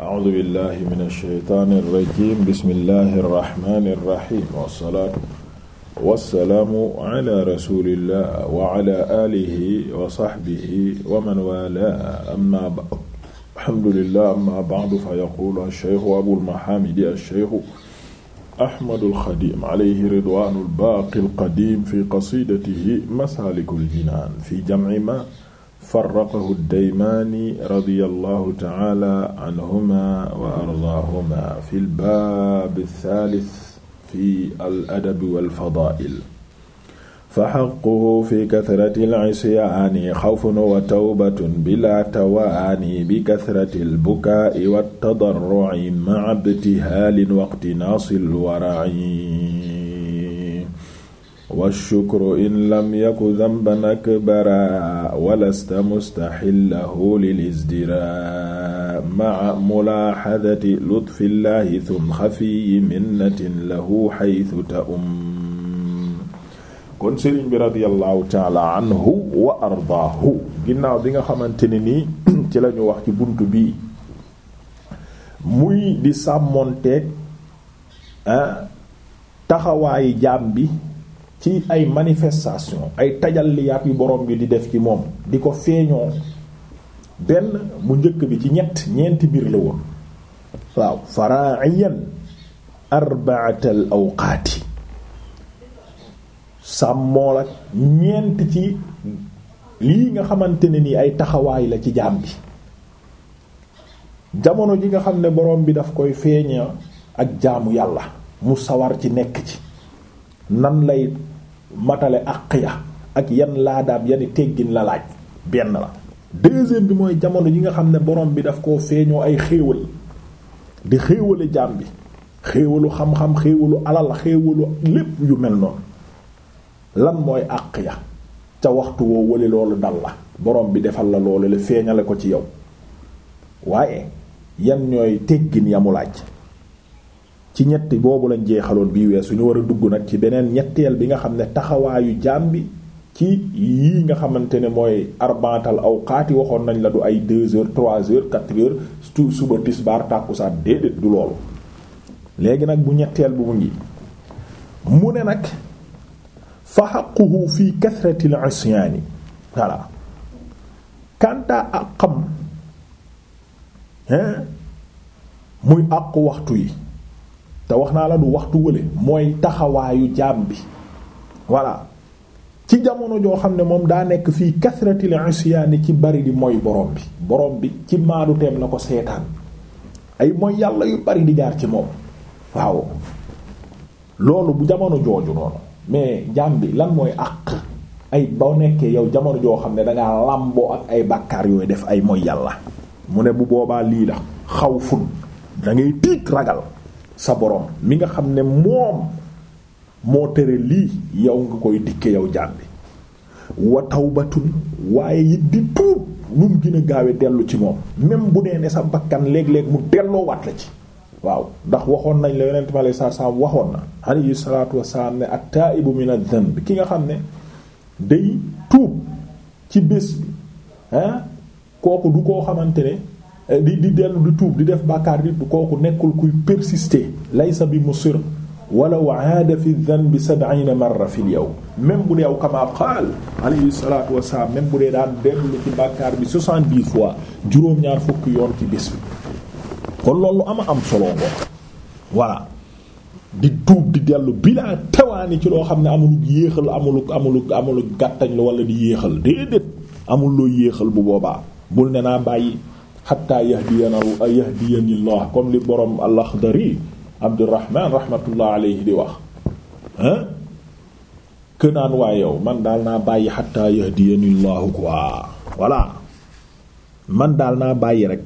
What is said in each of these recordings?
a'uudu billahi mina shaytaani rajiim bismillahi rahmaani rahiim wassalaatu wassalaamu ala rasuulillah wa ala aalihi wa sahbihi wa man waalaahu amma ba'du alhamdulillah amma ba'du fa yaquulu ash-shaykhu abul mahaamidi ash-shaykhu ahmadul xadiim alayhi ridwaanul baaqil qadiim fi qasiidatihi masaalikul jinaan fi jam'i maa farraqahu ad-Daymaani radiyallahu ta'ala anhuma wa ardaahuma fil baab ath-thaalith fi al-adab wal-fadaa'il fa xaquhu fi kathrati al-isyaani xawfun wa tawbatun bilaa tawaani bi kathrati al-bukaa'i wat-tadarru'i ma'a ibtihaalin wa iqtinaasi al-wara'i washukru in lam yaku damban kon sëriñ bi radiallahu bi nga xamante ne nii lañu wax ci bunt bii muy di sàmmoonteeg ah, taxawaayu jaam bi ci ay manifestation ay tajalliyaat yu borom bi di def ci moom di ko feeñoo benn mu njëkk bi ci ñett ñeenti biir la woon waaw fara'iyan arba'atal awqaati sàmmool ak ñeent ci lii nga xamante ne nii ay taxawaay la ci jaam bi jamono ji nga xam ne borom bi daf koy feeña ak jaamu yàlla mu sawar ci nekk ci nan lay matale àq ya ak yan laadaab yani teggin la laaj benn la deuxième bi mooy jamono yi nga xam ne borom bi daf koo feeñoo ay xéewal di xéewale jaam bi xéewalu xam-xam xéewalu alal xéewalu lépp yu mel noonu lan mooy àq ya ca waxtu woo wali loolu dal la borom bi defal la loolu la feeñale ko ci yow waaye yan ñooy teggin yamu laaj ci ñetti boobu lañ jeexaloon bii weesu ñu war a dugg nag ci beneen ñetteel bi nga xam ne taxawaayu jaam bi ci yi nga xamante ne mooy arbantal awqaati waxoon nañ la du ay deux heures trois heures quatre heures tout suba tisbaar tàkkusaan déedéet du loolu léegi nag bu ñetteel bu mu ngi mu ne nag fa xaquhu fi kasrati l isyaani voilà kanta àqam hein muy àqu waxtu yi te wax naa la du waxtu wële mooy taxawaayu jaam bi voilà ci jamono joo xam ne moom daa nekk fii kasratil isyaani ci bari di mooy borom bi borom bi ci maadu teem la ko seetaan ay mooy yàlla yu bari di jaar ci moom waaw loolu bu jamono jooju noonu mais jaam bi lan mooy àq ay boo nekkee yow jamono joo xam ne dangaa làmboo ak ay bàkkaar yooyu def ay mooy yàlla mu ne bu boobaa lii la xaw fun da ngay ragal sa borom mi nga xam ne moom moo tëre lii yow nga koy dikke yow jaam bi wa tawbatun waaye it di tuub lu mu gën a dellu ci moom même bu nee ne sa bakkan léeg-léeg mu delloo wat la ci waaw ndax waxoon nañ la yonent bi sa salaam waxoon na alayhi salaatu wasalaam ne at-taa'ibu min adh-dhanb ki nga xam ne day tuub ci bés bi kooku du koo xamante ne di di dellu di tuub di def bàkkaar di kooku nekkul kuy persister laysa bi musir walaw aada fi dhanbi sab'iina marra fil yawm même bu dee aw kamaa qaal alayhi salaatu wa salaam même bu dee daan dellu ci bàkkaar bi soixante-dix fois juróom-ñaar fukki yoon ci bés bi kon loolu ama am solo ngoo voilà di tuub di dellu bilaa tawaani ci loo xam ne amulug yéexal amulug amulug amulug gàttañ la wala di yéexal déedéet amul loo yéexal bu boobaa bul ne naa bàyyi xatta yahdiyana yahdiyanillah comme li borom al-Akhdari Abdurrahman rahmatullah alayhi di wax ah kënaan waa yow man daal naa bàyyi xatta yahdiyanillahu quoi voilà man daal naa bàyyi rekk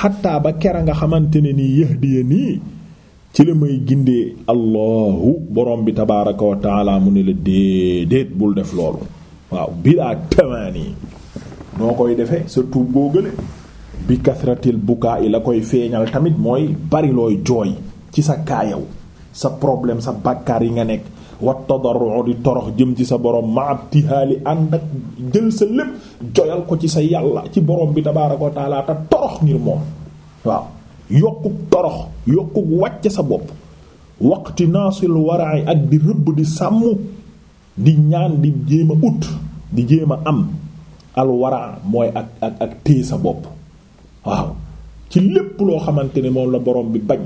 xatta ba kera nga xamante ne nii yahdiyani ci la may gindee allahu borom bi tabaaraka wa taala mu ne la déedéet bul def loolu waaw bilaa tamaani noo koy defee sa tuub goo gële bi kasratil bukaa yi la koy feeñal tamit mooy bari looy jooy ci sa kaayaw sa problème sa bàkkaar yi nga nekk wat tadarru di torox jëm ci sa borom ma abtihaali ànd ak jël sa lépp joyal ko ci sa yàlla ci borom bi tabaaraka wa taala torox ngir moom waaw yokkuk torox yokkuk wàcc sa bopp si naasil waraay ak di rëbb di sàmm di ñaan di jéem a ut di jéem a am alwara mooy ak ak ak téye sa bopp waaw ci lépp loo xamante ne moom la boroom bi bañ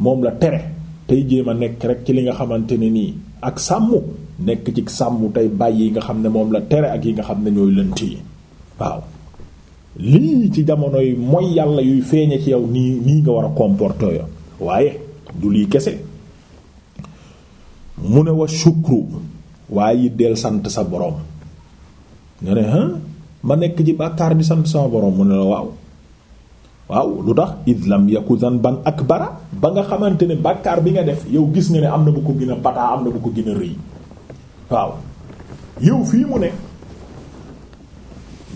moom la tere tey jéem a nekk rek ci li nga xamante ne nii ak sàmm nekk ci sàmm tey bàyyi yi nga xam ne moom la tere ak yi nga xam ne ñooy lënt yi waaw lii ci jamono yi mooy yàlla yuy feeñe ci yow nii nii nga war a comporter yo waaye du lii kese mu ne wa shukru waaye del sant sa boroom nga ne ma nekk ci bàkkaar bi sant sama borom mu ne la waaw waaw lu tax id lam yaku ak bara ba nga xamante ne bàkkaar bi nga def yow gis nga ne am na bu ko gën a bataa am na bu ko gën a rëy waaw yow fii mu ne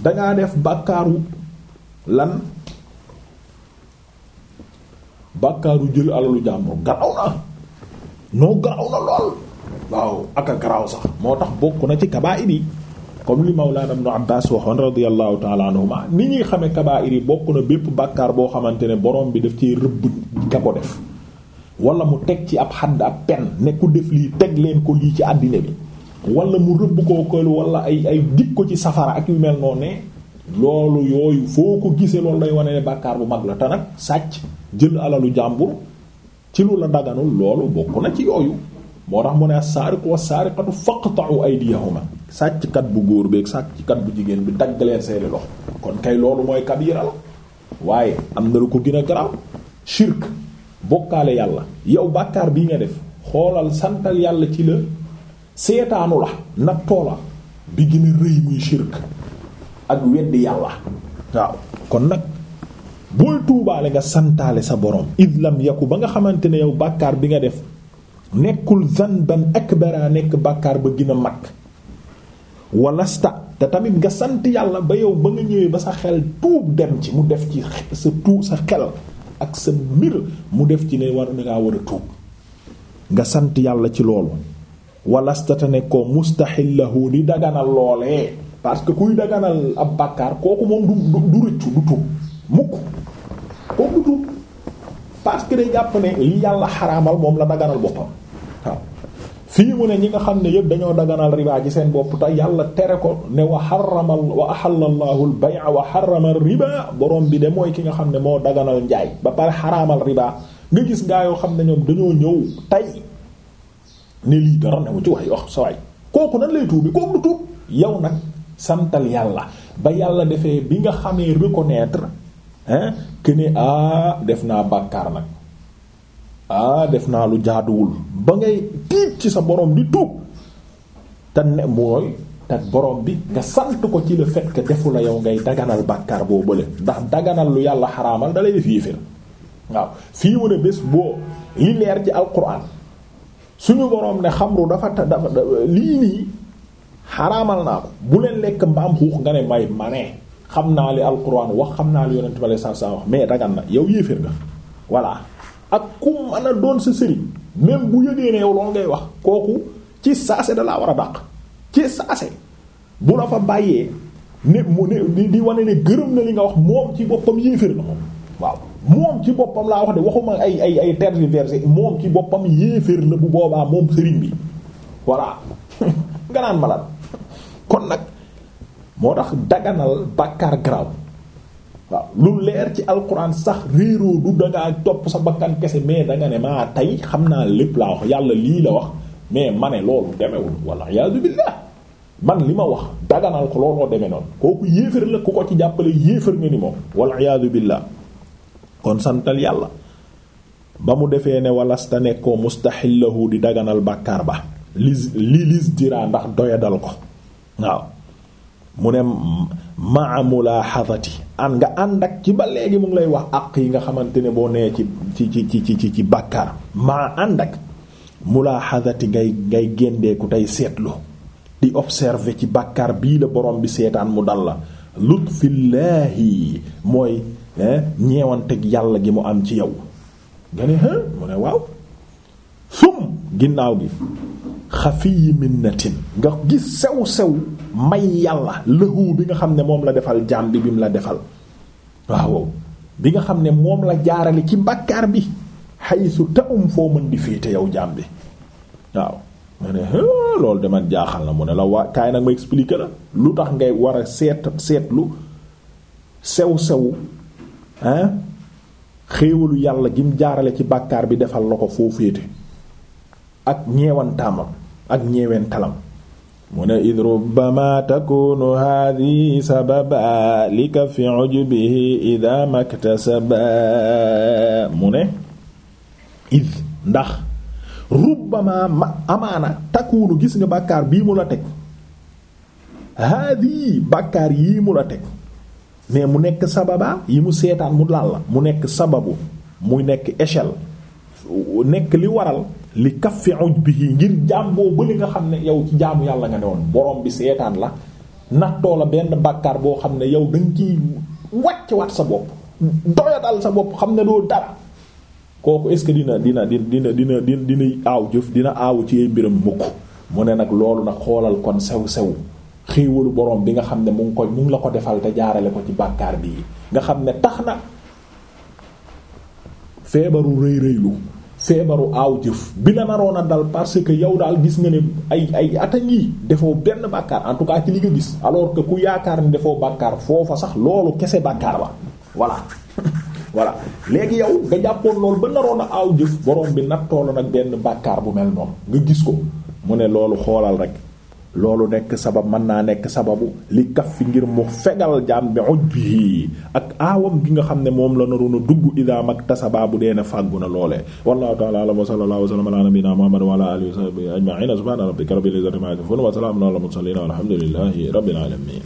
dangaa def bàkkaaru lan bàkkaaru jël alalu jàmbur garaw na noo garaw na lool waaw ak a garaw sax moo tax bokk na ci kabaa idi kon comme li Mawlana Ibn Abbas waxoon radiyallahu ta'ala anhuma ni ñuy xame kabaa'ir yi bokk na bépp bàkkaar boo xamante ne borom bi daf ci rëbb ka ko def wala mu teg ci ab xadd ab pen ne ku def lii teg leen ko lii ci àddina bi wala mu rëbb koo kël walla ay ay dig ko ci safara ak yu mel noonu ne loolu yooyu foo ko gisee loolu day wane ne bàkkaar bu mag la te sàcc jël alalu jàmbur ci lu la daganul loolu bokk na ci yooyu moo tax mu ne as-saariqu ay saariqatu faqta'u aydiyahuma sàcckat bu góor beeg sàcckat bu jigéen bi dagg leen seeni loxo kon kay loolu mooy kabira waaye am na lu ko gën a garaaw shirk bokkaale yàlla yow bàkkaar bi nga def xoolal santal yàlla ci la seetaanu la nattoo la bi gën rëy muy shirk ak weddi yàlla waaw kon nag booy tuubaale nga santaale sa borom id lam yaku ba nga xamante ne yow bàkkaar bi nga def nekkul zanban akbara nekk bàkkaar ba gën a mag walasta te tamit nga sant yàlla ba yow ba nga ñëwee ba sa xel tuub dem ci mu def ci sa tuub sa xel ak sa mbir mu def ci ne war na ngaa war a tuub nga sant yàlla ci loolu walasta te ne ko mustaxillahu di daganal loolee parce que kuy daganal ab bàkkaar kooku moom du du rëccu du tuub mukk kooku tuub parce que day jàpp ne yàlla xaraamal moom la daganal boppam waaw fii mu ne ñi nga xam ne yëpp dañoo daganal riba ci seen bopp te yàlla tere ko ne wa xaramal wa borom bi de mooy ki nga xam ne moo daganal njaay ba pare xaraamal riba nga gis gaa yoo xam ne ñoom dañoo ñëw tey ne lii dara ne mu ci wax wax sa waay kooku nan lay tuubi kooku du tuub yow nag santal yàlla ba yàlla defee bi nga xamee reconnaître hein këni ah def naa bàkkaar nag ah def naa lu jaaduwul ba ngay tiit ci sa borom di tuub te ne mooy te borom bi nga sant ko ci le fait defu la yow ngay daganal bàkkaar boo bële ndax daganal lu yàlla xaramal dalay def yéeféer waaw fii mu bés boo li leer ci alquran suñu borom ne xamru dafa dafa lii nii xaraamal naa ko bu leen lekk mbaam xuux nga ne may manee xam naa li alquran wax xam naa li yonent bale sax wax mais dagan na yow yéeféer na voilà ak ku mën a doon sa sëriñ même bu yëgee ne yow loolu ngay wax kooku ci saase da laa war a dàq ci saase bu la fa bàyyee ne mu ne di wane ne gërëm na li nga wax moom ci boppam yéeféer la moom waaw moom ci boppam laa wax de waxuma ay ay ay tergiversé moom ci boppam yéeféer la bu boobaa moom sëriñ bi voilà nga naan malade kon nag moo tax daganal bàkkaar graw waaw lu leer ci alquran sax réeroo du dangaa topp sa bakkan kese mais danga ne maa tey xam naa lépp laa wax yàlla lii la wax mais ma ne loolu demewul walla iyaazu billaah man li ma wax daganal ko looloo deme noonu kooku yéefar la ku ko ci jàppale yéefar nga ni moom walla iyaazu billaah kon santal yàlla ba mu defee ne walasta nekkoo mustaxillahu di daganal bàkkaar ba lis li lis dira ndax doyadal ko waaw mu ne maa mulaaxadati an nga ànd ak ci ba léegi mu ngi lay wax àq yi nga xamante ne boo nee ci ci ci ci ci ci bàkkaar maa ànd ak mulaaxadati ngay ngay géndeeku tey seetlu di observer ci bàkkaar bii la borom bi seetaan mu dal la lutfillaahi mooy ñeewanteg yàlla gi mu am ci yow nga ne mu ne waaw sum ginnaaw gi xafiyi minnatin nga gis sew-sew may yàlla lëhu bi nga xam ne moom la defal jaam bi bi mu la defal waaw bi nga xam ne moom la jaarale ci bàkkaar bi xaysu ta'um foo mën di féete yow jaam bi waaw ma ne loolu de man jaaxal na mu ne la waa kaay nag ma expliquer la lu tax ngay war a seet seetlu sew-sew ah xéewalu yàlla gim jaarale ci bàkkaar bi defal la ko foo féete ak ñeewantaamam ak ñeeween talam mu ne id rubbama takunu hadihi sababa lika fi ujubihi ida maktasaba mu ne id ndax rubbama ma amaana takunu gis nga bàkkaar bii mu la teg haadihi bàkkaar yii mu la teg mais mu nekk sababa yi mu seetaan mu laal la mu nekk sababu mu nekk échelle nekk li waral li kaffi ujbihi ngir jaam boo bële nga xam ne yow ci jaamu yàlla nga ne woon borom bi seetaan la nattoo la benn bàkkaar boo xam ne yow da nga ciy wàcc waat sa bopp doyadal sa bopp xam ne doo dara kooku est-ce que dina dina dina dina dina dina aaw jëf dina aaw ci ay mbiram mukk ne nag loolu nag xoolal kon sew sew xéewalu borom bi nga xam ne mu ko koy la ko defal te jaarale ko ci bàkkaar bii nga xam ne tax na feebaru rëy rëylu seebaru aaw jëf bi la naroon a dal parce que yow daal gis nga ne ay ay ata ngii defoo benn bàkkaar en tout cas ci li nga gis alors que ku yaakaar ni defoo bàkkaar foofa sax loolu kese bàkkaar la voilà voilà léegi yow nga jàppoon loolu ba naroon a aaw jëf borom bi nattoo la nag benn bàkkaar bu mel noonu nga gis ko mu ne loolu xoolal rek loolu nekk sabab mën naa nekk sababu li kaf fi ngir mu fegal jaam bi ujbihi ak aawam gi nga xam ne moom la naroon a dugg idaa mag tasabaa bu dee ne fàggu na loolee wallahu ta'ala a'lam wa sallallahu wa sallama ala nabiyyina muhammad wa ala alihi wa sahbihi ajma'in subhana rabbika rabbil izzati amma yasifun wa salamun ala al mursalin walhamdulillahi rabbil alamin